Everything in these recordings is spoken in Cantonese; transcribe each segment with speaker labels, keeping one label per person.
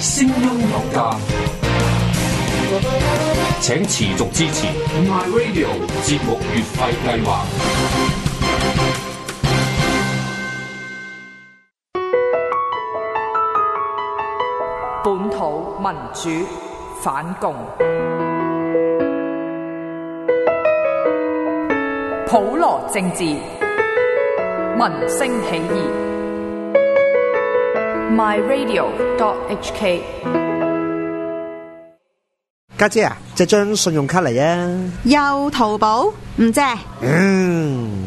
Speaker 1: 聲音有價，請持續支持 My Radio 節目月費計劃。本土民主反共，普羅政治，民聲起義。myradio.hk，
Speaker 2: 家姐啊，借張信用卡嚟
Speaker 1: 啊，又淘寶唔借？嗯，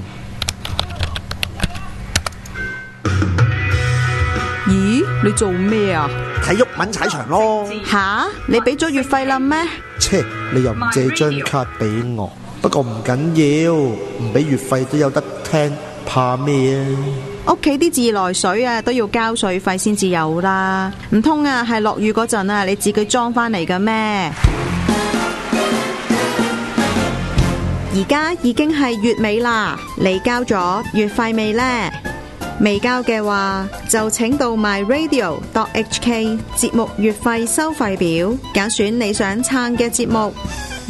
Speaker 1: 咦，你做咩啊？睇郁文踩場咯。吓，你俾咗月費啦咩？
Speaker 2: 切，你又唔借張卡俾我。不過唔緊要，唔俾月費都有得聽，怕咩啊？
Speaker 1: 屋企啲自來水啊，都要交水費先至有啦。唔通啊，係落雨嗰陣啊，你自己裝返嚟嘅咩？而家已經係月尾啦，你交咗月費未呢？未交嘅話，就請到 myradio.hk 節目月費收費表，揀選你想撐嘅節目。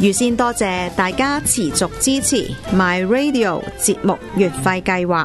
Speaker 1: 預先多謝大家持續支持 myradio 節目月費計劃。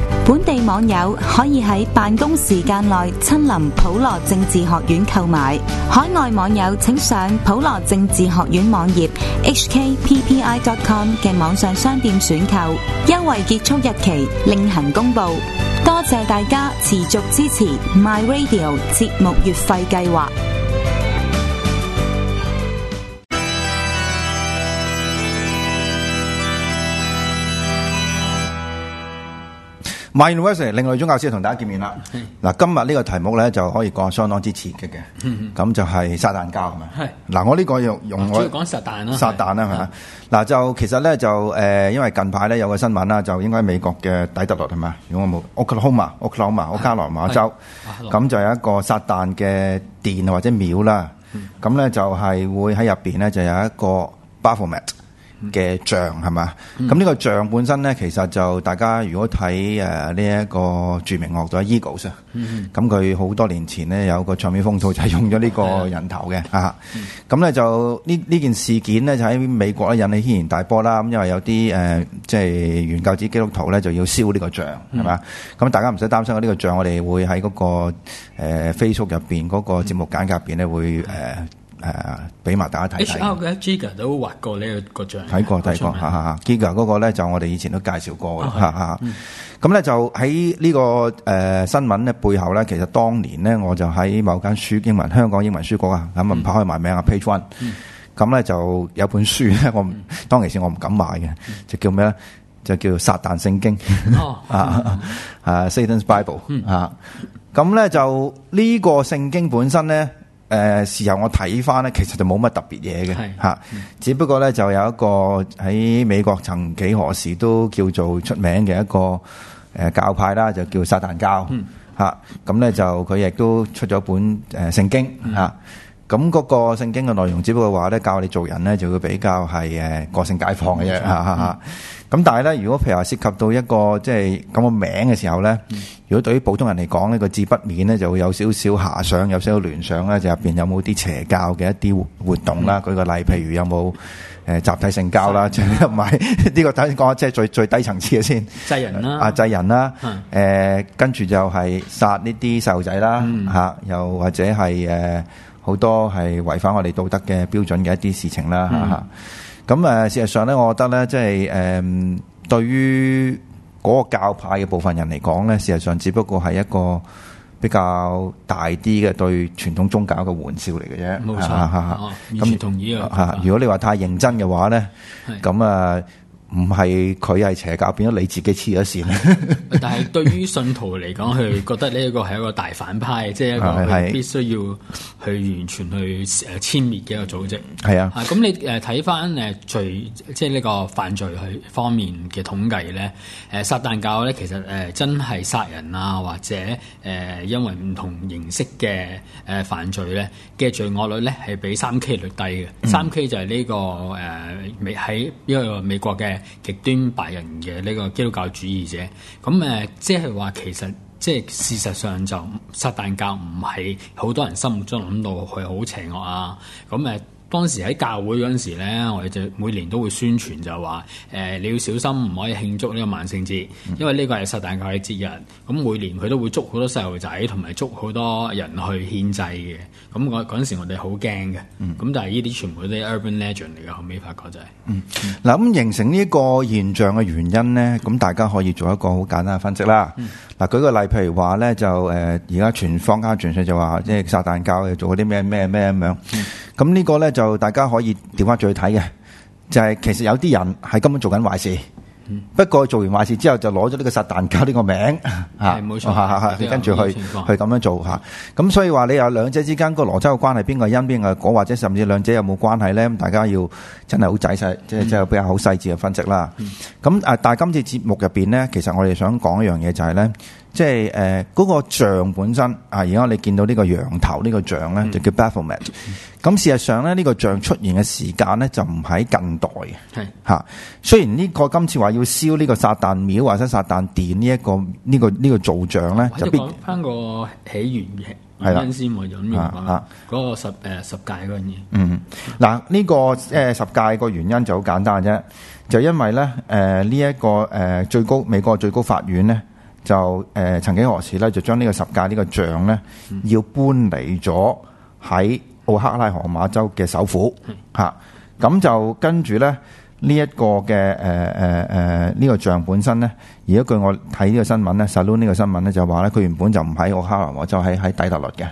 Speaker 1: 本地網友可以喺辦公時間內親臨普羅政治學院購買，海外網友請上普羅政治學院網頁 hkppi.com 嘅網上商店選購，優惠結束日期另行公佈。多謝大家持續支持 My Radio 節目月費計劃。
Speaker 2: My University 另類宗教史同大家見面啦。嗱，今日呢個題目咧就可以講相當之刺激嘅，咁就係撒旦教係咪？嗱，我呢個用用我，主、嗯、講撒旦咯。撒旦啦嚇，嗱就其實咧就誒，因為近排咧有個新聞啦，就應該美國嘅底特律係咪？如果冇，Oklahoma，Oklahoma，奧克拉馬州，咁就有一個撒旦嘅殿或者廟啦。咁咧就係會喺入邊咧就有一個 b u 嘅像係嘛？咁呢、嗯、個像本身咧，其實就大家如果睇誒呢一個著名樂隊 Eagles，咁佢好多年前呢，有個唱片封套就係用咗呢個人頭嘅、嗯、啊。咁、嗯、咧、嗯、就呢呢件事件咧就喺美國咧引起軒然大波啦。咁、嗯、因為有啲誒即係原教旨基督徒咧就要燒呢個像係嘛？咁、嗯嗯、大家唔使擔心呢、這個像我哋會喺嗰、那個 Facebook 入邊嗰個節目簡介入邊咧會誒。呃呃誒，俾埋大家睇睇。我
Speaker 1: 覺得 Giga 都畫過呢個像，睇過睇過吓吓吓。
Speaker 2: Giga 嗰個咧就我哋以前都介紹過嘅吓，咁咧就喺呢、這個誒、呃、新聞咧背後咧，其實當年咧我就喺某間書英文香港英文書局啊，咁啊唔怕開埋名啊 Page One 啊。咁、嗯、咧、啊、就有本書咧，我當其時我唔敢買嘅，就叫咩咧？就叫《撒旦聖經》啊啊，《Satan's Bible》啊。咁咧就呢個聖經本身咧。誒，事、呃、由我睇翻咧，其實就冇乜特別嘢嘅嚇。是只不過咧就有一個喺美國曾幾何時都叫做出名嘅一個誒、呃、教派啦，就叫撒但教嚇。咁咧、嗯啊、就佢亦都出咗本誒聖、呃、經嚇。嗯啊咁嗰個聖經嘅內容，只不過話咧教你做人咧，就會比較係誒個性解放嘅啫，嚇嚇嚇。咁但係咧，如果譬如話涉及到一個即係咁個名嘅時候咧，如果對於普通人嚟講咧，呢個字不免咧就會有少少遐想，有少少聯想咧，就入邊有冇啲邪教嘅一啲活動啦？舉個例，譬如有冇誒集體性交啦，同埋呢個等先講下，即係最最低層次嘅先。祭人啦，啊祭人啦，誒跟住就係殺呢啲細路仔啦，嚇，又或者係誒。好多係違反我哋道德嘅標準嘅一啲事情啦，吓咁誒，事實上咧，我覺得咧，即係誒，對於嗰個教派嘅部分人嚟講咧，事實上只不過係一個比較大啲嘅對傳統宗教嘅玩笑嚟嘅啫。冇錯，吓，完全同意啊。吓，如果你話太認真嘅話咧，咁啊，唔係佢係邪教，變咗你自己黐咗線。
Speaker 1: 但係對於信徒嚟講，佢覺得呢一個係一個大反派，即係一個必須要。去完全去誒殲滅嘅一個組織，係啊，咁、啊、你誒睇翻誒罪，即係呢個犯罪去方面嘅統計咧，誒、呃、撒旦教咧其實誒真係殺人啊，或者誒、呃、因為唔同形式嘅誒犯罪咧嘅罪惡率咧係比三 K 率低嘅，三、嗯、K 就係呢、呢個誒美喺因為美國嘅極端白人嘅呢個基督教主義者，咁誒、呃、即係話其實。即係事實上就撒但教唔係好多人心目中諗到佢好邪惡啊咁誒。當時喺教會嗰陣時咧，我哋就每年都會宣傳就話，誒、呃、你要小心唔可以慶祝呢個萬聖節，因為呢個係撒旦教嘅節日。咁每年佢都會捉好多細路仔同埋捉好多人去獻祭嘅。咁我嗰陣時我哋好驚嘅。咁但係呢啲全部都係 urban legend 嚟嘅。後尾發覺就係、
Speaker 2: 是，嗱咁、嗯、形成呢個現象嘅原因咧，咁大家可以做一個好簡單嘅分析啦。嗱舉個例，譬如話咧就誒，而、呃、家全坊家傳説就話，即係撒旦教嘅做嗰啲咩咩咩咁樣。咁、這個、呢個咧就就大家可以調翻轉去睇嘅，就係其實有啲人係根本做緊壞事，不過做完壞事之後就攞咗呢個撒但教呢個名吓，跟住去去咁樣做吓。咁所以話你有兩者之間個羅周嘅關係，邊個係因邊個係果，或者甚至兩者有冇關係咧？大家要真係好仔細，即係即係比較好細致嘅分析啦。咁啊，但係今次節目入邊咧，其實我哋想講一樣嘢就係咧。即係誒，嗰個像本身啊，而家我哋見到呢個羊頭呢個像咧，就叫 Baphomet。咁事實上咧，呢個像出現嘅時間咧，就唔喺近代。係吓，雖然呢個今次話要燒呢個撒旦廟、或者撒旦殿呢一個呢個呢個造像咧，就必
Speaker 1: 翻個起源嘅原因先冇咁亂話。嗰個十誒十戒嗰樣嘢。
Speaker 2: 嗯，嗱呢個誒十戒個原因就好簡單啫，就因為咧誒呢一個誒最高美國最高法院咧。就誒、呃、曾幾何時咧，就將呢個十架個呢個像咧，要搬嚟咗喺奧克拉荷馬州嘅首府嚇，咁、嗯啊、就跟住咧。呢一個嘅誒誒誒呢個像本身咧，而一據我睇呢個新聞咧，Salon 呢、e、個新聞咧就話咧，佢原本就唔喺奧克蘭，就喺、是、喺底特律嘅，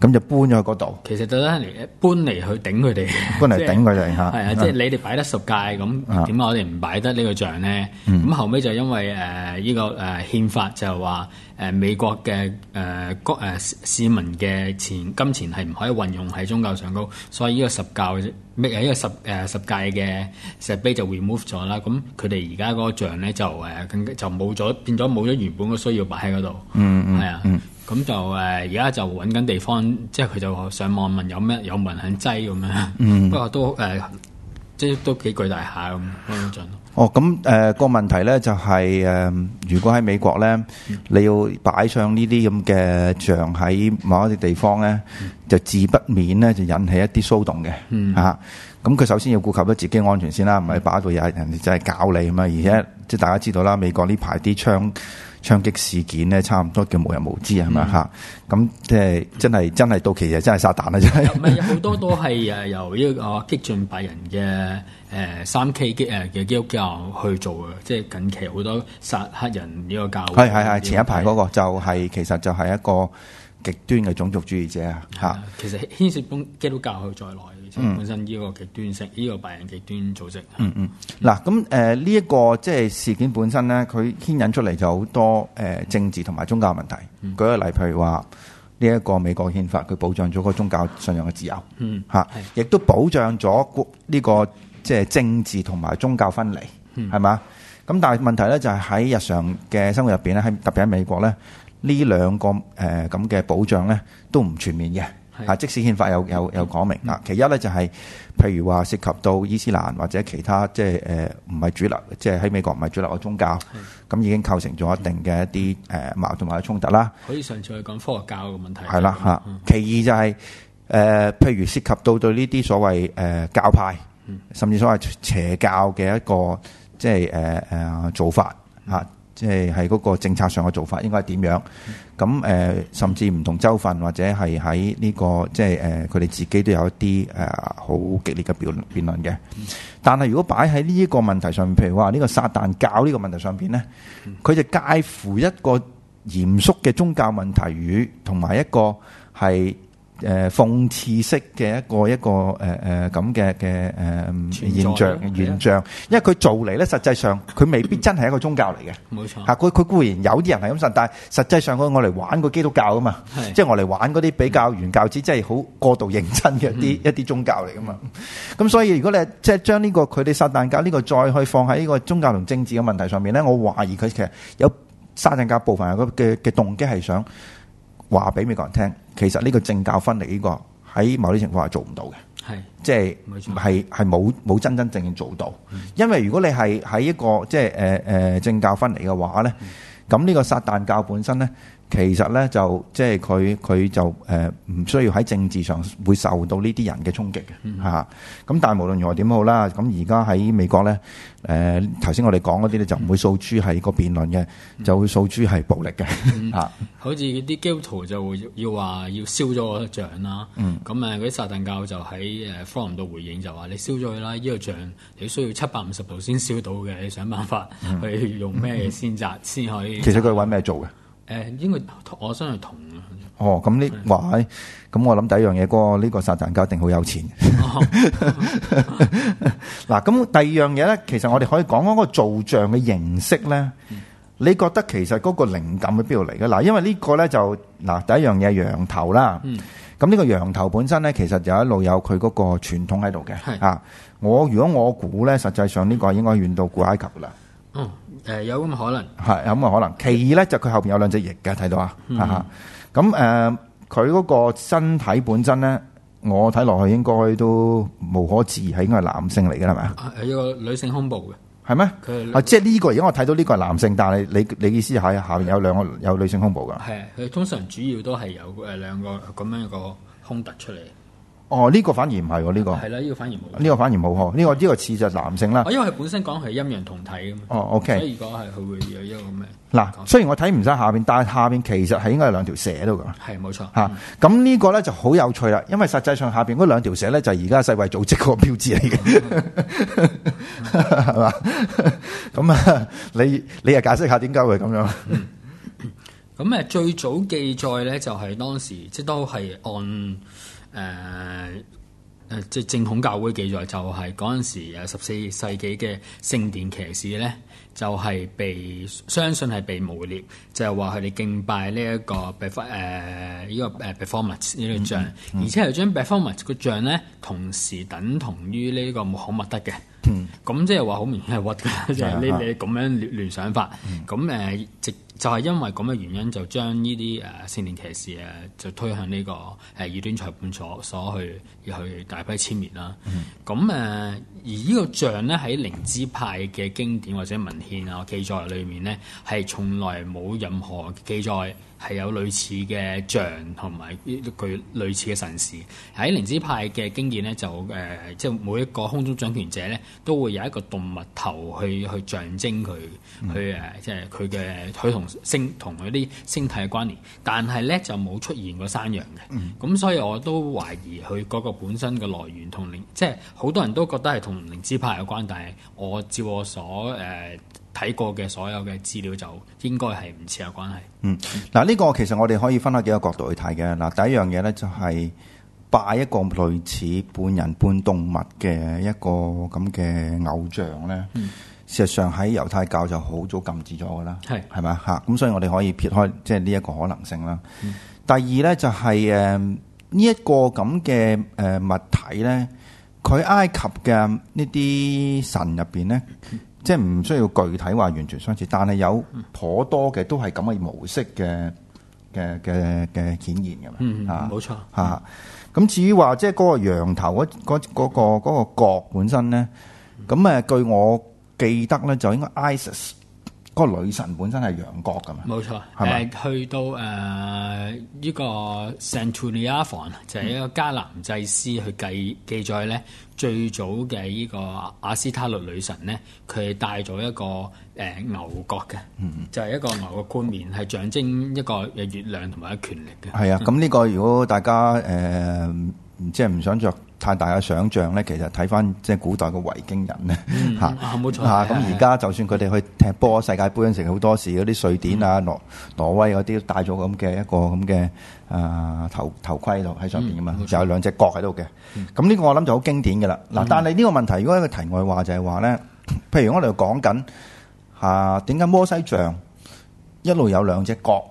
Speaker 2: 咁的就搬咗去嗰度。
Speaker 1: 其實就咧搬嚟去頂佢哋，搬嚟頂佢哋嚇。係啊是、嗯，即係你哋擺得十誡咁，點解我哋唔擺得個呢個像咧？咁、嗯、後尾就因為誒依、呃這個誒、呃、憲法就係話。誒、呃、美國嘅誒國誒市民嘅錢金錢係唔可以運用喺宗教上高，所以呢個十教，依、這個十誒、呃、十誡嘅石碑就 remove 咗啦。咁佢哋而家嗰個像咧就誒、呃，就冇咗，變咗冇咗原本嘅需要擺喺嗰度。嗯嗯，係啊。咁就誒，而、呃、家就揾緊地方，即係佢就上網問有咩有冇人肯擠咁樣。嗯、 不過都誒、呃，即係都幾巨大下咁。嗯。嗯嗯嗯
Speaker 2: 哦，咁誒、呃、個問題咧就係、是、誒、呃，如果喺美國咧，你要擺上呢啲咁嘅像喺某一啲地方咧，就自不免咧就引起一啲騷動嘅嚇。咁佢、嗯啊、首先要顧及到自己安全先啦，唔係擺到有人哋就係搞你嘛。而且即係大家知道啦，美國呢排啲槍。槍擊事件呢，差唔多叫無人無知啊，係咪啊？咁即係真係真係到期就真係撒但啦，真係。
Speaker 1: 咁啊，好、嗯、多都係由呢、呢個 激進白人嘅誒三 K 激誒嘅、呃、基督教去做嘅，即係近期好多殺黑人呢個教。係係係，前一排嗰
Speaker 2: 個就係、係、係其實就係一個極端嘅種族主義者啊！嚇，
Speaker 1: 其實牽涉到基督教去在內。嗯，本身呢個極端性，呢、這個白人極端組織。嗯
Speaker 2: 嗯，嗱咁誒呢一個即係、呃這個、事件本身咧，佢牽引出嚟就好多誒、呃、政治同埋宗教問題。嗯嗯，舉個例，譬如話呢一個美國憲法，佢保障咗個宗教信仰嘅自由。嗯，嚇，係，亦、啊、都保障咗呢、這個、這個這個、即係政治同埋宗教分離。嗯，係嘛？咁但係問題咧，就係、是、喺日常嘅生活入邊咧，喺特別喺美國咧，呢兩個誒咁嘅保障咧，都唔全面嘅。係，即使憲法的有有有講明嗱，的其一咧就係、是，譬如話涉及到伊斯蘭或者其他即係誒唔係主流，即係喺美國唔係主流嘅宗教，咁的已經構成咗一定嘅一啲誒矛盾同埋衝突啦。
Speaker 1: 可以上次去講科學教嘅問題，係啦
Speaker 2: 吓。其二就係、是、誒、呃，譬如涉及到對呢啲所謂誒、呃、教派，甚至所謂邪教嘅一個即係誒誒做法吓。啊即係喺嗰個政策上嘅做法應該係點樣？咁誒、呃，甚至唔同州份或者係喺呢個即係佢哋自己都有一啲誒好激烈嘅辯辯論嘅。但係如果擺喺呢一個問題上，譬如話呢個撒但教呢個問題上邊呢佢就介乎一個嚴肅嘅宗教問題與同埋一個係。誒、呃、諷刺式嘅一個一個誒誒咁嘅嘅誒現象現象，的因為佢做嚟咧，實際上佢未必真係一個宗教嚟嘅，冇錯嚇。佢佢固然有啲人係咁信，但係實際上佢攞嚟玩個基督教啊嘛，的即係攞嚟玩嗰啲比較原教旨，即係好過度認真嘅一啲、嗯、一啲宗教嚟噶嘛。咁所以如果你即係將呢個佢哋撒旦教呢、呢個再去放喺呢個宗教同政治嘅問題上面咧，我懷疑佢其實有撒旦教部分嘅嘅動機係想。話俾美國人聽，其實呢個政教分離呢個喺某啲情況係做唔到嘅，係即係係係冇冇真真正正做到，因為如果你係喺一個即係誒誒政教分離嘅話咧，咁呢個撒但教本身咧。其實咧就即係佢佢就誒唔、呃、需要喺政治上會受到呢啲人嘅衝擊嘅嚇。咁、嗯啊、但係無論如何點好啦，咁而家喺美國咧誒頭先我哋講嗰啲咧就唔會訴諸係個辯論嘅，就會訴諸係暴力嘅嚇。嗯、
Speaker 1: 好似啲基督徒就會要話要燒咗個像啦，咁誒嗰啲撒但教就喺誒 forum 度回應就話你燒咗佢啦，呢、嗯、個像你、嗯、需要七百五十度先燒到嘅，你想辦法去用咩先扎先可以。其實佢
Speaker 2: 揾咩做嘅？
Speaker 1: 誒，因為同我真係
Speaker 2: 同哦，咁呢話咧，咁的我諗第一樣嘢，哥、這、呢個撒但教一定好有錢、哦。嗱，咁第二樣嘢咧，其實我哋可以講嗰個造像嘅形式咧，嗯、你覺得其實嗰個靈感喺邊度嚟嘅？嗱，因為呢個咧就嗱第一樣嘢係羊頭啦。咁呢、嗯、個羊頭本身咧，其實一有一路有佢嗰個傳統喺度嘅。的啊，我如果我估咧，實際上呢個應該遠到古埃及啦。
Speaker 1: 嗯，誒、呃，有咁嘅可能，
Speaker 2: 係有咁嘅可能。其二咧，就佢後邊有兩隻翼嘅，睇到啊，吓吓、嗯。咁誒，佢、嗯、嗰、呃、個身體本身咧，我睇落去應該都無可置疑係應該係男性嚟嘅，係咪啊？係
Speaker 1: 一個女性胸部嘅，
Speaker 2: 係咩嗎？啊，即係呢、這個，如果我睇到呢個係男性，但係你你，你意思係下邊有兩個有女性胸部噶？係、啊，
Speaker 1: 佢通常主要都係有誒兩個咁樣一個胸突出嚟。
Speaker 2: 哦，呢個反而唔係喎，呢個係啦，呢個反
Speaker 1: 而冇，
Speaker 2: 呢個反而冇嗬，呢個呢個似就男性啦。哦，因為佢
Speaker 1: 本身講係陰陽同體咁。哦，OK。所以如果係佢會有一個咩？
Speaker 2: 嗱，雖然我睇唔晒，下邊，但係下邊其實係應該係兩條蛇喺度噶。係，冇錯。吓，咁呢個咧就好有趣啦，因為實際上下邊嗰兩條蛇咧就係而家世衛組織個標誌嚟嘅，係嘛？咁啊，你你又解釋下點解會咁樣？
Speaker 1: 咁誒，最早記載咧就係當時即都係按。誒誒、呃、即係正統教會記載就係陣時誒十四世紀嘅聖殿騎士咧，就係、是就是、被相信係被誣蔑，就係話佢哋敬拜呢一個誒呢、呃這個誒 performance 呢個像，嗯嗯、而且係將 performance 個像咧，同時等同於呢個穆罕默德嘅，咁即係話好明顯係屈㗎，就係呢啲咁樣聯聯想法，咁誒、嗯嗯呃、直。就係因為咁嘅原因，就將呢啲誒聖殿騎士誒，就推向呢個誒異端裁判所所去，要去大批殲滅啦。咁誒、嗯，而呢個像咧喺《靈知派》嘅經典或者文獻啊記載裏面咧，係從來冇任何記載。係有類似嘅象同埋佢類似嘅神似喺靈知派嘅經驗咧，就誒即係每一個空中掌權者咧，都會有一個動物頭去去象徵佢，去誒即係佢嘅佢同星同佢啲星體嘅關聯。但係咧就冇出現過山羊嘅，咁、嗯、所以我都懷疑佢嗰個本身嘅來源同靈，即係好多人都覺得係同靈知派有關，但係我照我所誒。呃睇過嘅所有嘅資料就應該係唔似有關係。嗯，
Speaker 2: 嗱、這、呢個其實我哋可以分開幾個角度去睇嘅。嗱，第一樣嘢咧就係拜一個類似半人半動物嘅一個咁嘅偶像咧。嗯、事實上喺猶太教就好早禁止咗㗎喇。係是，係咪？嚇、嗯？咁所以我哋可以撇開即係呢一個可能性啦。嗯、第二咧就係誒呢一個咁嘅誒物體咧，佢埃及嘅呢啲神入邊咧。嗯嗯即係唔需要具體話完全相似，但係有頗多嘅都係咁嘅模式嘅嘅嘅嘅顯現嘅嘛，啊冇錯啊。咁錯、啊、至於話即係嗰個羊頭嗰嗰、嗰個角、嗰個、本身咧，咁誒、嗯、據我記得咧就應該 ISIS IS。個女神本身係羊角噶嘛？
Speaker 1: 冇錯錯，係咪吧、啊、去到誒呢、呃這個 Sanchuniathon，就係一個迦南祭司去、嗯、記記載咧，最早嘅呢個阿斯塔律女神咧，佢係帶咗一個誒、呃、牛角嘅，嗯，就係一個牛嘅冠冕，係象徵一個個月亮同埋嘅權力嘅。係、嗯、啊，咁呢
Speaker 2: 個如果大家誒即係唔想着太大嘅想象咧，其實睇翻即係古代嘅維京人咧嚇，咁而家就算佢哋去踢波世界盃嗰陣時，好多時嗰啲瑞典啊、挪挪威嗰啲戴咗咁嘅一個咁嘅啊頭頭盔喺度喺上面嘅嘛，就有兩隻角喺度嘅，咁呢個我諗就好經典嘅啦。嗱，但係呢個問題如果一個題外話就係話咧，譬如我哋講緊啊點解摩西像一路有兩隻角？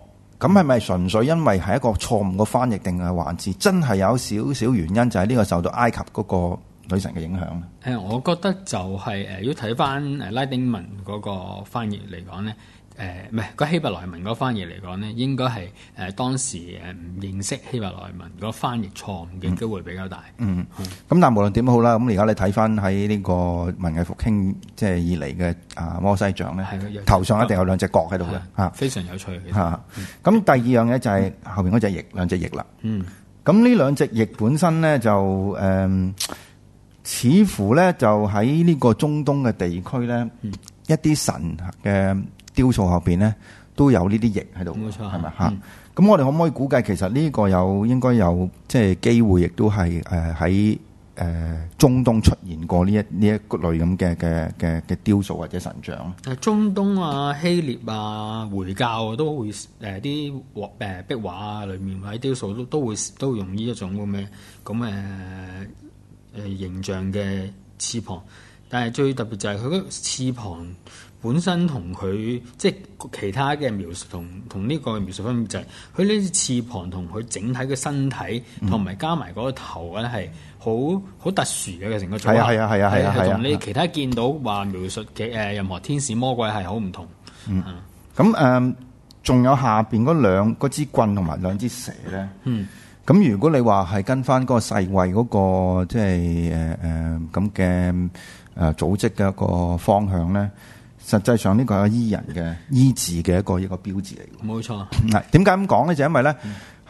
Speaker 2: 咁係咪純粹因為係一個錯誤嘅翻譯定係還是,還是真係有少少原因？就係、是、呢個受到埃及嗰個。女神嘅影響
Speaker 1: 咧，我覺得就係誒，如果睇翻拉丁文嗰個翻譯嚟講咧，誒、呃，唔係個希伯來文嗰個翻譯嚟講咧，應該係誒當時誒唔認識希伯來文個翻譯錯誤嘅機會比較大。嗯，咁、
Speaker 2: 嗯嗯、但係無論點都好啦，咁而家你睇翻喺呢個文藝復興即係以嚟嘅啊摩西像咧，嗯、頭上一定有兩隻角喺度嘅嚇，非常有趣嚇。咁第二樣嘢就係後邊嗰隻翼，兩隻翼啦。嗯，咁呢、嗯、兩隻翼本身咧就誒。嗯似乎咧就喺呢個中東嘅地區咧，嗯、一啲神嘅雕塑後邊咧都有呢啲翼喺度，冇錯，係咪嚇？咁吧、嗯、我哋可唔可以估計，其實呢個有應該有即係機會，亦都係誒喺誒中東出現過呢一呢一類咁嘅嘅嘅嘅雕塑或者
Speaker 1: 神像？誒，中東啊、希臘啊、回教啊，都會誒啲畫壁畫啊，呃、裡面或者雕塑都都會都用呢一種咁嘅咁誒。誒形象嘅翅膀，但係最特別就係佢嗰個翅膀本身同佢即係其他嘅描述同同呢個描述分別就係佢呢啲翅膀同佢整體嘅身體同埋加埋嗰個頭咧係好好特殊嘅一個成個狀態。係啊係啊係啊係啊，同你其他見到話描述嘅誒任何天使魔鬼係好唔同。
Speaker 2: 嗯，咁誒仲有下邊嗰兩支棍同埋兩支蛇咧？嗯。咁如果你話係跟翻嗰個世衛嗰個即係誒誒咁嘅誒組織嘅一個方向咧，實際上呢個係醫人嘅醫治嘅一個一個標誌嚟嘅。
Speaker 1: 冇錯、啊。嗱，
Speaker 2: 點解咁講咧？就因為咧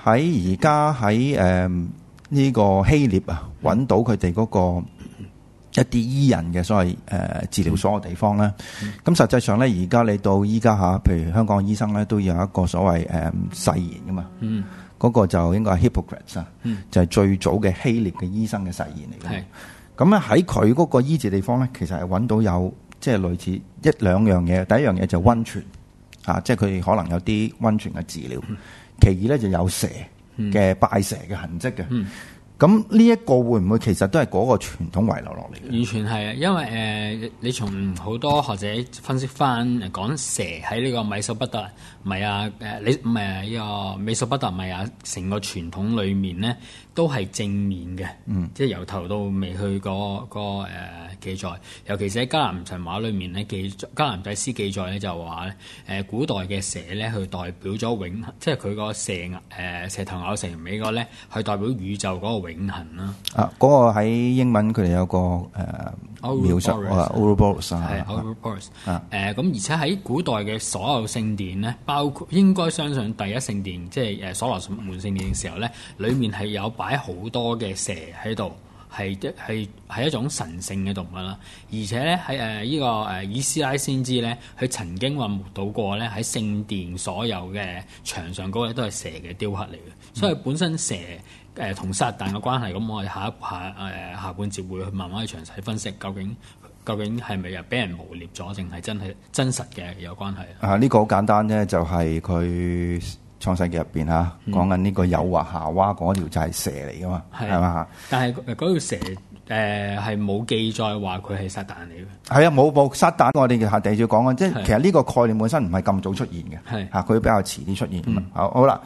Speaker 2: 喺而家喺誒呢個希臘啊，揾到佢哋嗰個一啲醫人嘅所謂誒、呃、治療所嘅地方咧。咁、嗯、實際上咧，而家你到依家吓，譬如香港醫生咧，都有一個所謂誒誓言噶嘛。嗯。嗰個就應該係 Hippocrates 啊，嗯，就係最早嘅希臘嘅醫生嘅誓言嚟嘅。咁咧喺佢嗰個醫治地方咧，其實係揾到有即係、就是、類似一兩樣嘢。第一樣嘢就係溫泉啊，即係佢可能有啲溫泉嘅治療。嗯、其二咧就有蛇嘅、嗯、拜蛇嘅痕跡嘅。嗯嗯。咁呢一個會唔會其實都係嗰個傳統遺留落嚟
Speaker 1: 嘅？完全係啊，因為誒、呃，你從好多學者分析翻，講蛇喺呢個米索不達米亞誒，你唔係呢個美索不達米亞，成個傳統裡面咧。都係正面嘅，嗯、即係由頭到尾去過，嗰個誒、嗰個、記載，尤其是喺《迦南神話》裏面咧記《迦南祭司》記載咧就話咧誒古代嘅蛇咧，佢代表咗永即係佢個蛇誒蛇，呃、頭咬蛇尾嗰咧係代表宇宙嗰個永恆啦。
Speaker 2: 啊，嗰、嗰個喺英文佢哋有個誒。呃奧魯波洛斯啊，奧魯波洛斯啊，係奧
Speaker 1: 魯波洛斯啊。誒，咁而且喺古代嘅所有聖殿咧，包括應該相信第一聖殿，即係誒所羅門聖殿嘅時候咧，裡面係有擺好多嘅蛇喺度。係一係係一種神聖嘅動物啦，而且咧喺誒呢個誒以斯拉先知咧，佢曾經話目睹過咧喺聖殿所有嘅牆上嗰咧都係蛇嘅雕刻嚟嘅，嗯、所以本身蛇誒同、呃、撒旦嘅關係，咁我哋下一下誒下半節會慢慢去詳細分析究，究竟究竟係咪又俾人污蔑咗，定係真係真實嘅有關係啊？
Speaker 2: 呢、呢個好簡單啫，就係、是、佢。創世記入邊嚇，講緊呢個誘惑夏娃嗰條就係蛇嚟噶嘛，係嘛的？
Speaker 1: 嗎但係嗰條蛇誒係冇記載話佢係撒旦嚟
Speaker 2: 嘅。係啊，冇報撒旦我。我哋下地註講啊，即係其實呢個概念本身唔係咁早出現嘅，嚇佢的比較遲啲出現、嗯，好。好啦，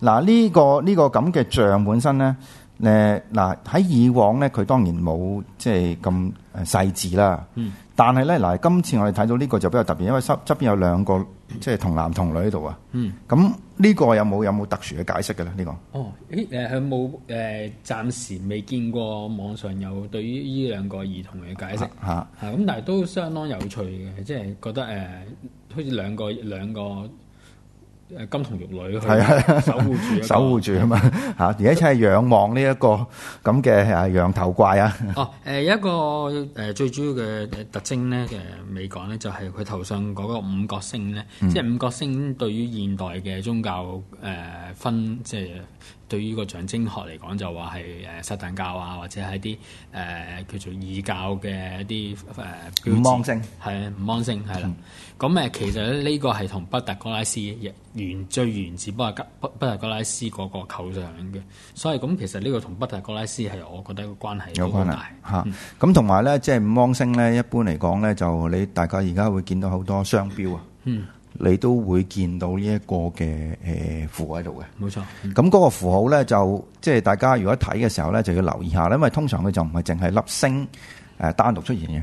Speaker 2: 嗱呢、呢個呢、呢個咁嘅像本身咧，誒嗱喺以往咧，佢當然冇即係咁細緻啦。嗯、但係咧嗱，今次我哋睇到呢個就比較特別，因為側側邊有兩個。即係童男童女喺度啊，咁呢、嗯、個有冇有冇特殊嘅解釋嘅咧？呢個
Speaker 1: 哦，誒、欸，佢冇誒，暫時未見過網上有對於呢兩個兒童嘅解釋嚇，嚇咁、啊，啊、但係都相當有趣嘅，即係覺得誒、呃，好似兩個兩個。兩個金童玉女，係啊係啊，守護住守護住啊嘛
Speaker 2: 吓，而家一齊仰望呢一個咁嘅啊羊頭怪啊。哦，
Speaker 1: 誒一個誒最主要嘅特徵咧嘅美國咧，就係佢頭上嗰個五角星咧，即係五角星對於現代嘅宗教誒分即係。對於個象徵學嚟講，就話係誒撒但教啊，或者係啲誒叫做異教嘅一啲誒。五芒星、嗯、係啊、嗯，五芒星係啦。咁誒，其實呢個係同畢達哥拉斯亦原最原始畢達畢達哥拉斯嗰個構想嘅。所以咁其實呢個同畢達哥拉斯係我覺得個關係好大
Speaker 2: 嚇。咁同埋咧，即係五芒星咧，一般嚟講咧，就你大家而家會見到好多商標啊。嗯你都會見到呢一個嘅誒符喺度嘅，冇錯。咁嗰個符號咧、嗯、就即係大家如果睇嘅時候咧，就要留意下，因為通常佢就唔係淨係粒星誒單獨出現嘅，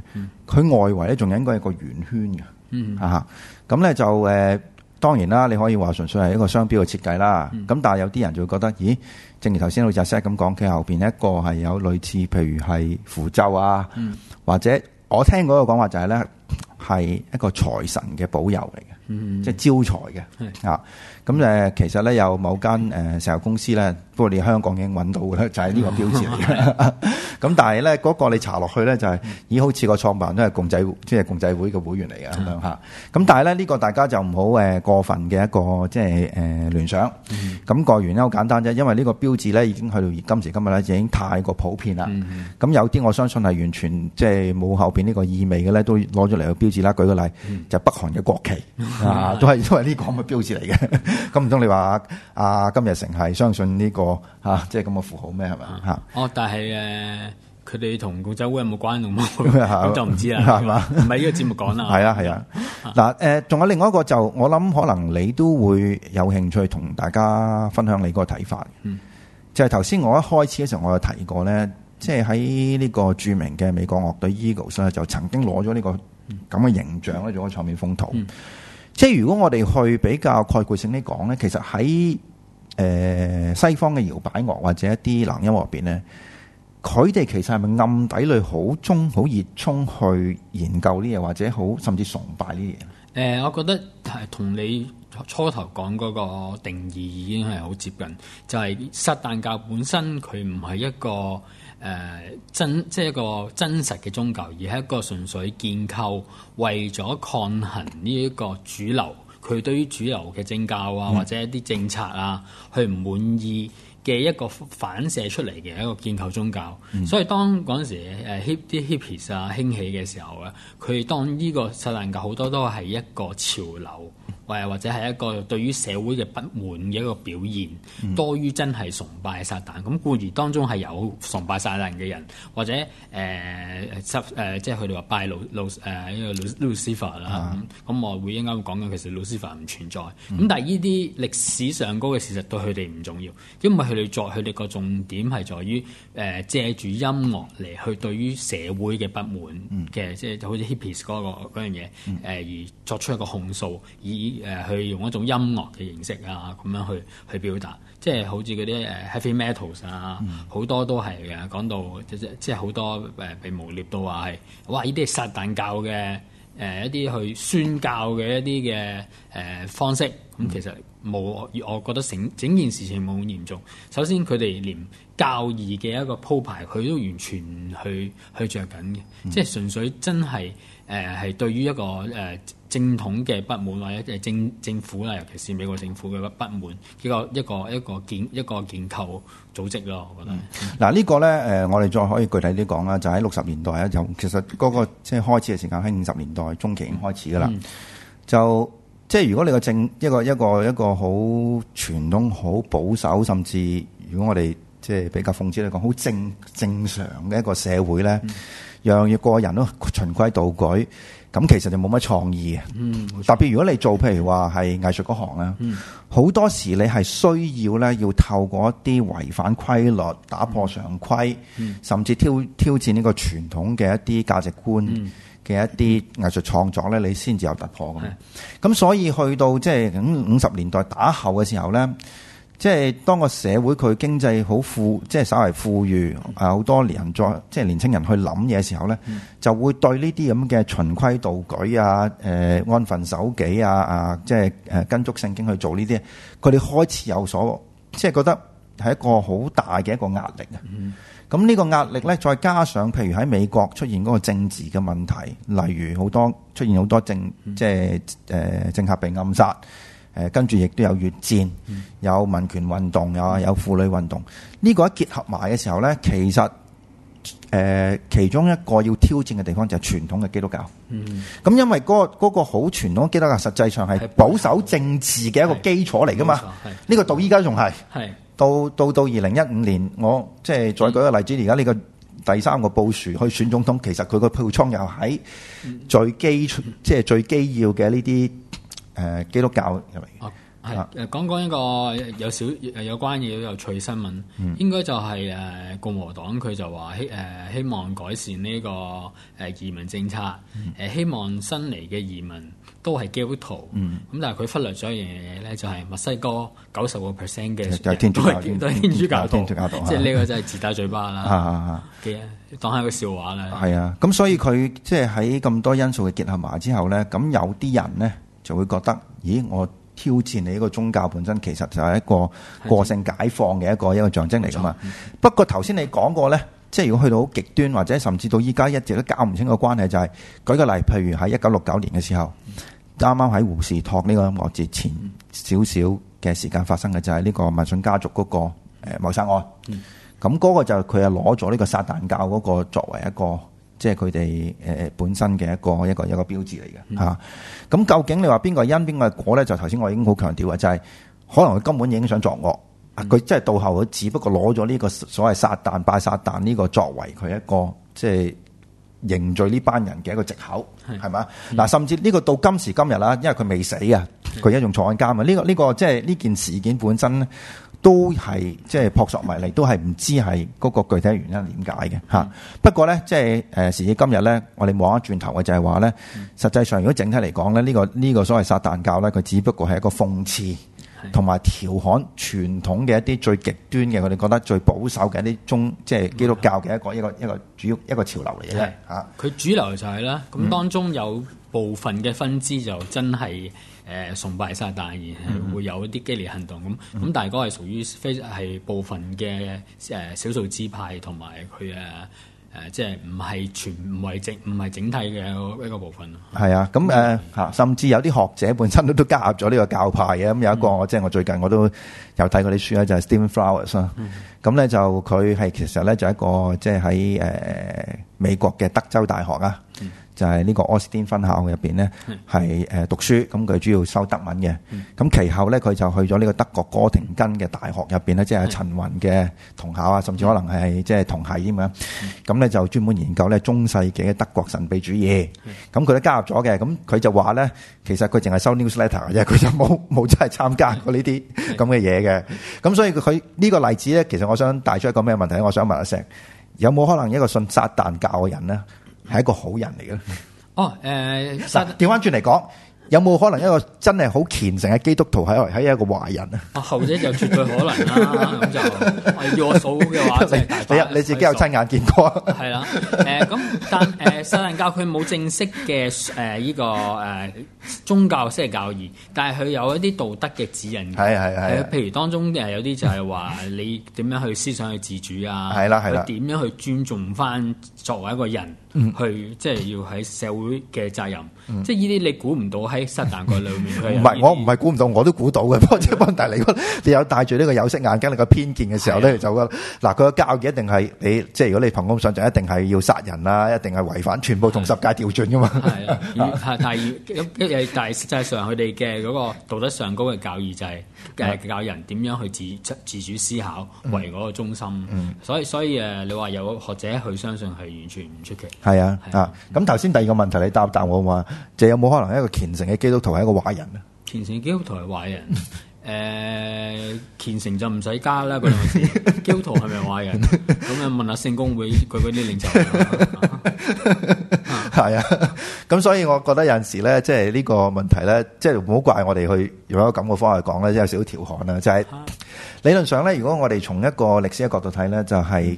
Speaker 2: 佢、嗯、外圍咧仲應該係個圓圈嘅，嗯嗯啊嚇。咁咧就誒、呃、當然啦，你可以話純粹係一個商標嘅設計啦。咁、嗯、但係有啲人就會覺得，咦？正如頭先老謝 Sir 咁講，佢後邊一個係有類似，譬如係符咒啊，嗯、或者我聽嗰個講法就係咧係一個財神嘅保佑嚟嘅。即係招財嘅啊！咁誒，其實咧有某間誒石油公司咧，不過你香港已經搵到嘅啦，就係、是、呢個標誌嚟嘅。咁 但係咧嗰個你查落去咧就係、是、咦，好似個創辦都係共濟，即係共濟會嘅會員嚟嘅咁樣吓。咁的但係咧呢、這個大家就唔好誒過分嘅一個即係誒聯想。咁個原因好簡單啫，因為呢個標誌咧已經去到今時今日咧已經太過普遍啦。咁 有啲我相信係完全即係冇後邊呢個意味嘅咧，都攞咗嚟個標誌啦。舉個例就是、北韓嘅國旗。啊，都係都係呢個咁嘅標誌嚟嘅。咁唔通你話阿阿金日成係相信呢、這個啊，即係咁嘅符號咩？係咪？
Speaker 1: 吓、啊。哦，但係誒，佢哋同共濟會有冇關係咧？咁就唔知啦，係嘛。唔係呢個節目講啦。係啊係啊。
Speaker 2: 嗱誒，仲有另外一個就，我諗可能你都會有興趣同大家分享你嗰個睇法。嗯、就係頭先我一開始嘅時候，我有提過咧，即係喺呢個著名嘅美國樂隊 Eagles 就曾經攞咗呢個咁嘅形象咧，做一個唱片封面圖。嗯即係如果我哋去比較概括性啲講咧，其實喺誒、呃、西方嘅搖擺樂或者一啲男音樂入邊咧，佢哋其實係咪暗底裏好鍾、好熱衷去研究呢嘢，或者好甚至崇
Speaker 1: 拜呢嘢？誒、呃，我覺得係同你初頭講嗰個定義已經係好接近，就係撒但教本身佢唔係一個，誒真即係一個真實嘅宗教，而係一個純粹建構，為咗抗衡呢一個主流，佢對於主流嘅政教啊、嗯、或者一啲政策啊，佢唔滿意嘅一個反射出嚟嘅一個建構宗教。嗯、所以當嗰陣時 hip 啲、啊、hippies 啊興起嘅時候咧，佢當呢個撒但教好多都係一個潮流。或者係一個對於社會嘅不滿嘅一個表現，多於真係崇拜撒旦。咁故而當中係有崇拜撒旦嘅人，或者誒執誒，即係佢哋話拜老老誒呢個路路，路，路，路斯佛啦。咁、嗯、咁、嗯、我會應該會講緊，其實路斯佛唔存在。咁但係呢啲歷史上高嘅事實對佢哋唔重要，因為佢哋作佢哋個重點係在於誒借住音樂嚟去對於社會嘅不滿嘅，嗯、即係就好似 hippies 嗰、嗰個嗰樣嘢，誒、呃、而作出一個控訴。以誒去用一種音樂嘅形式啊，咁樣去去表達，即係好似嗰啲誒 heavy metals 啊，嗯、好多都係嘅，講到即即係好多誒被污蔑到話係，哇！呢啲係撒但教嘅誒、呃、一啲去宣教嘅一啲嘅誒方式，咁其實冇我覺得整整件事情冇咁嚴重。首先佢哋連教義嘅一個鋪排，佢都完全去去著緊嘅，嗯、即係純粹真係。誒係、呃、對於一個誒正統嘅不滿，或者誒政政府啦，尤其是美國政府嘅不滿，一個一個一個建一個建構組織咯，我覺得。
Speaker 2: 嗱、嗯嗯、呢個咧誒，我哋再可以具體啲講啦，就喺六十年代咧，就其實嗰個即係開始嘅時間喺五十年代中期已經開始噶啦。嗯、就即係如果你個政一個一個一個好傳統、好保守，甚至如果我哋即係比較諷刺嚟講，好正正常嘅一個社會咧。嗯讓個個人都循規蹈矩，咁其實就冇乜創意。嗯、特別如果你做譬如話係藝術嗰行咧，好、嗯、多時你係需要咧，要透過一啲違反規律、打破常規，嗯、甚至挑挑戰呢個傳統嘅一啲價值觀嘅一啲藝術創作咧，你先至有突破咁。咁、嗯、所以去到即係五十年代打後嘅時候呢。即係當個社會佢經濟好富，即係稍為富裕，誒好、嗯、多年輕人再即係年輕人去諗嘢嘅時候呢，嗯、就會對呢啲咁嘅循規蹈矩啊、誒、呃、安分守己啊、啊即係誒跟足聖經去做呢啲，佢哋開始有所即係覺得係一個好大嘅一個壓力啊。咁呢、嗯、個壓力呢，再加上譬如喺美國出現嗰個政治嘅問題，例如好多出現好多政即係誒、呃、政客被暗殺。誒，跟住亦都有越戰，嗯、有民權運動，有有婦女運動。呢、這個一結合埋嘅時候呢，其實誒、呃、其中一個要挑戰嘅地方就係傳統嘅基督教。咁、嗯、因為嗰、那個好、那個、傳統基督教，實際上係保守政治嘅一個基礎嚟噶嘛。呢、嗯、個到依家仲係。係、嗯。到到到二零一五年，我即係再舉個例子。而家呢個第三個布殊去選總統，其實佢個票倉又喺最基即係最基要嘅呢啲。誒，基督教係
Speaker 1: 咪？係誒，講講一個有少誒有關嘢，有趣新聞，應該就係誒共和黨佢就話希誒希望改善呢個誒移民政策，誒希望新嚟嘅移民都係基督徒，咁但係佢忽略咗一樣嘢咧，就係墨西哥九十個 percent 嘅都係天主教，即係呢個真係自打嘴巴啦，嘅當係個笑話咧。係
Speaker 2: 啊，咁所以佢即係喺咁多因素嘅結合埋之後咧，咁有啲人咧。就會覺得，咦！我挑戰你呢個宗教本身，其實就係一個個性解放嘅一個一個象徵嚟噶嘛。嗯、不過頭先你講過呢，即係如果去到好極端，或者甚至到依家一直都搞唔清個關係，就係、是、舉個例，譬如喺一九六九年嘅時候，啱啱喺胡士托呢個音樂節前少少嘅時間發生嘅就係呢個民信家族嗰個誒謀殺案。咁嗰、嗯嗯、個就佢係攞咗呢個撒旦教嗰個作為一個。即係佢哋誒本身嘅一個一個一個標誌嚟嘅嚇。咁、嗯啊、究竟你話邊個因邊個果咧？就頭先我已經好強調話，就係、是、可能佢根本已經想作惡。佢、嗯、即係到後佢只不過攞咗呢個所謂撒但拜撒但呢個作為佢一個即係凝聚呢班人嘅一個藉口係嘛？嗱，嗯、甚至呢個到今時今日啦，因為佢未死啊，佢、這個這個、一樣坐監㗎嘛。呢個呢個即係呢件事件本身咧。都係即係撲朔迷離，都係唔知係嗰個具體原因點解嘅嚇。嗯、不過呢，即係誒、呃、時至今日呢，我哋望一轉頭嘅就係話呢，嗯、實際上如果整體嚟講呢，呢、呢個呢、呢個所謂撒但教呢，佢只不過係一個諷刺同埋調侃傳統嘅一啲最極端嘅，我哋覺得最保守嘅一啲宗，即係基督教嘅一個一個一個主要一個潮流嚟嘅
Speaker 1: 嚇。佢、嗯、主流就係、是、啦，咁當中有部分嘅分支就真係。嗯誒、呃、崇拜撒但，但係會有一啲激烈行動咁。咁但係嗰個係屬於非係部分嘅誒少數支派，同埋佢誒誒即係唔係全唔整唔係整，整體嘅一個部分。
Speaker 2: 係啊，咁誒、呃嗯、甚至有啲學者本身都都加入咗呢個教派嘅。咁有一個，嗯、即係我最近我都有睇過啲書咧，就係、是、Stephen Flowers 咁咧就佢係其實咧就一個即係喺誒美國嘅德州大學啊。嗯就係呢個 Austin 分校入邊呢，係誒是讀書，咁佢主要收德文嘅。咁是其後咧，佢就去咗呢個德國哥廷根嘅大學入邊咧，即係陳雲嘅同校啊，甚至可能係即係同系咁樣。咁咧是就專門研究咧中世紀嘅德國神秘主義。咁佢都加入咗嘅，咁佢就話咧，其實佢淨係收 news letter 嘅，佢就冇冇真係參加過呢啲咁嘅嘢嘅。咁是所以佢呢個例子咧，其實我想帶出一個咩問題我想問阿石，有冇可能一個信撒旦教嘅人咧？係一個好人嚟
Speaker 1: 嘅。哦，誒、呃，
Speaker 2: 調翻轉嚟講， 有冇可能一個真係好虔誠嘅基督徒喺外，係一個壞人
Speaker 1: 啊？後者就絕對可能啦、啊。咁就 我數嘅話，
Speaker 2: 你你、啊、你自己有親眼見過。係啦、嗯，誒，
Speaker 1: 咁但，誒撒但教冇正式嘅誒呢個誒宗教式嘅教義，但係佢有一啲道德嘅指引。
Speaker 2: 係係係，哎哎哎、
Speaker 1: 譬如當中有啲就係話你點樣去思想去自主啊？係啦係啦，點樣去尊重翻作為一個人？去即係要喺社會嘅責任，嗯、即係呢啲你估唔到喺撒但教裏面。佢唔係，
Speaker 2: 我唔係估唔到，我都估到嘅。 不過即係問題你，你有戴住呢個有色眼鏡、個偏見嘅時候咧，啊、就個嗱佢嘅教義一定係你，即係如果你憑空想象，一定係要殺人啦，一定係違反全部同十界調轉噶嘛。
Speaker 1: 係啊，啊 但係咁，但實際上佢哋嘅嗰個道德上高嘅教義就係誒教人點樣去自自主思考為嗰個中心。嗯嗯、所以所以誒，以你話有學者佢相信係完全唔出奇。
Speaker 2: 係啊，啊咁頭先第二個問題你答唔答我話，就有冇可能一個虔誠嘅基督徒係一個壞人咧、
Speaker 1: 呃？虔誠、那個、基督徒係壞人，誒虔誠就唔使加啦嗰兩個字。基督徒係咪壞人？咁啊問下聖公會佢嗰啲領袖。
Speaker 2: 係 啊，咁所以我覺得有陣時咧，即係呢個問題咧，即係唔好怪我哋去用一個咁嘅方式講咧，即係少少調侃啦。就係、是就是、理論上咧，如果我哋從一個歷史嘅角度睇咧，就係、是。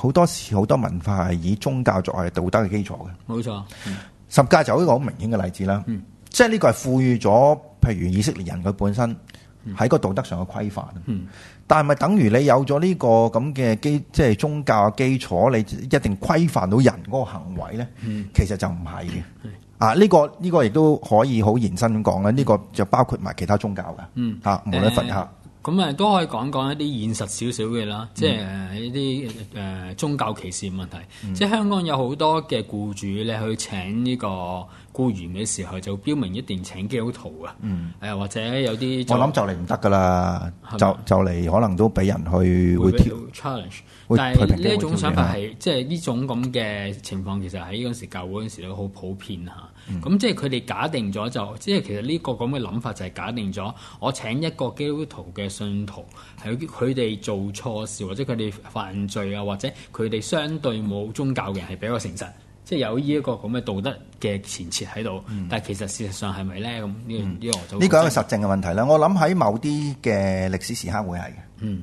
Speaker 2: 好多時好多文化係以宗教作為道德嘅基礎嘅，冇錯。十戒就一個好明顯嘅例子啦，嗯，嗯即係呢個係賦予咗，譬如以色列人佢本身喺個道德上嘅規範，嗯，但係咪等於你有咗呢、這個咁嘅基，即係宗教基礎，你一定規範到人嗰個行為咧？嗯、其實就唔係嘅，
Speaker 1: 嗯、
Speaker 2: 啊，呢、這個呢、這個亦都可以好延伸咁講咧，呢、這個就包括埋其他宗教嘅，嗯，嚇、嗯，無論佛客。
Speaker 1: 咁啊都可以講講一啲現實少少嘅啦，即係呢啲誒宗教歧視問題。嗯、即係香港有好多嘅僱主咧去請呢、這個。告完嘅時候就標明一定請基督徒啊，誒、嗯、或者有啲我諗吧就嚟唔
Speaker 2: 得噶啦，就就嚟可能都俾人去會,會挑
Speaker 1: challenge。但係呢一種想法係即係呢種咁嘅情況，其實喺嗰時教會嗰陣時都好普遍吓。咁即係佢哋假定咗就，即、就、係、是、其實呢個咁嘅諗法就係假定咗我請一個基督徒嘅信徒係佢哋做錯事或者佢哋犯罪啊，或者佢哋相對冇宗教嘅人係比較誠實。即係有依一個咁嘅道德嘅前設喺度，嗯、但係其實事實上係咪咧？咁呢呢個呢、嗯、呢個係一個實
Speaker 2: 證嘅問題啦。我諗喺某啲嘅歷史時刻會係嘅。嗯，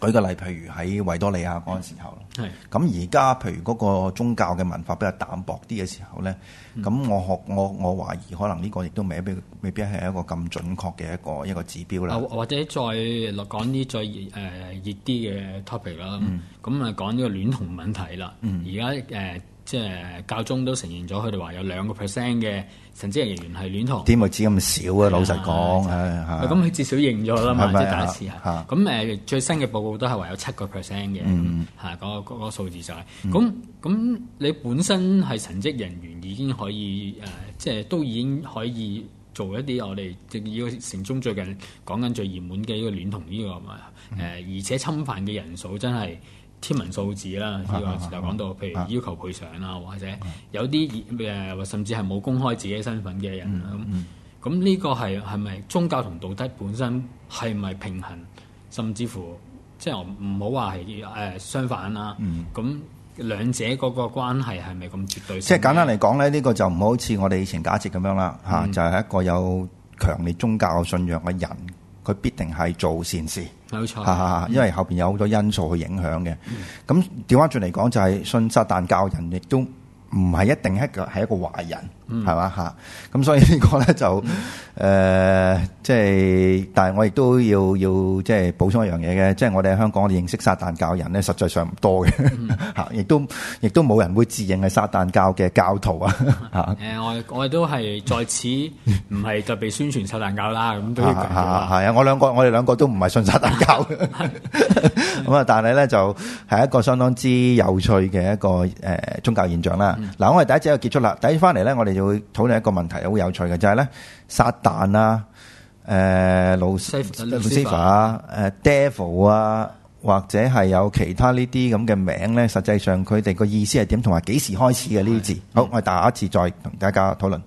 Speaker 2: 舉個例，譬如喺維多利亞嗰陣時候咯。係。咁而家譬如嗰個宗教嘅文化比較淡薄啲嘅時候咧，咁、嗯、我我我懷疑可能呢個亦都未必未必係一個咁準確嘅一個一個指標啦、嗯。
Speaker 1: 或者再講啲再誒熱啲嘅 topic 啦。嗯。咁啊講呢個戀童問題啦。而家誒。即係教宗都承認咗，佢哋話有兩個 percent 嘅神職人員係戀童。
Speaker 2: 點會只咁少啊？老實講，係係、啊。咁佢
Speaker 1: 至少認咗啦嘛，即係第一次嚇。咁誒、啊啊啊啊、最新嘅報告都係話有七、嗯啊嗰個 percent 嘅嚇嗰個嗰個數字就係、是。咁咁、嗯、你本身係神職人員已經可以誒、呃，即係都已經可以做一啲我哋，而家城中最近講緊最熱門嘅呢個戀童呢、呢個啊嘛誒，嗯、而且侵犯嘅人數真係。天文數字啦，呢個就講到，譬如要求賠償啦，或者有啲誒甚至係冇公開自己身份嘅人咁。咁呢、嗯嗯、個係係咪宗教同道德本身係咪平衡，甚至乎即係唔好話係誒相反啦？咁、嗯、兩者嗰個關係係咪咁絕對？即係簡單嚟
Speaker 2: 講咧，呢、呢個就唔好似我哋以前假設咁樣啦，嚇、嗯、就係一個有強烈宗教信仰嘅人。佢必定係做善事，
Speaker 1: 冇錯彩， 因為
Speaker 2: 後邊有好多因素去影響嘅。咁調翻轉嚟講，嗯、就係信撒旦教人，亦都，唔係一定一係一個壞人，係嘛嚇？咁、嗯啊、所以呢個咧就誒，即、呃、係、就是、但係我亦都要要即係補充一樣嘢嘅，即、就、係、是、我哋喺香港，我哋認識撒但教人咧，實在上唔多嘅嚇，亦、嗯啊、都亦都冇人會自認係撒但教嘅教徒
Speaker 1: 啊！誒，我我哋都係在此唔係特別宣傳撒但教啦。咁、嗯嗯、啊，
Speaker 2: 係啊，啊，我兩個我哋兩個都唔係信撒但教咁啊， 但係咧就係、是、一個相當之有趣嘅一個誒宗教現象啦。一個一個嗱，我哋第一節就結束啦。第一節翻嚟咧，我哋就會討論一個問題，好有趣嘅，就係、是、咧撒旦啊、誒路斯佛啊、誒 devil 啊、呃、啊，或者係有其他呢啲咁嘅名咧，實際上佢哋個意思係點，同埋幾時開始嘅呢啲字？好，我哋下一次再同大家討論。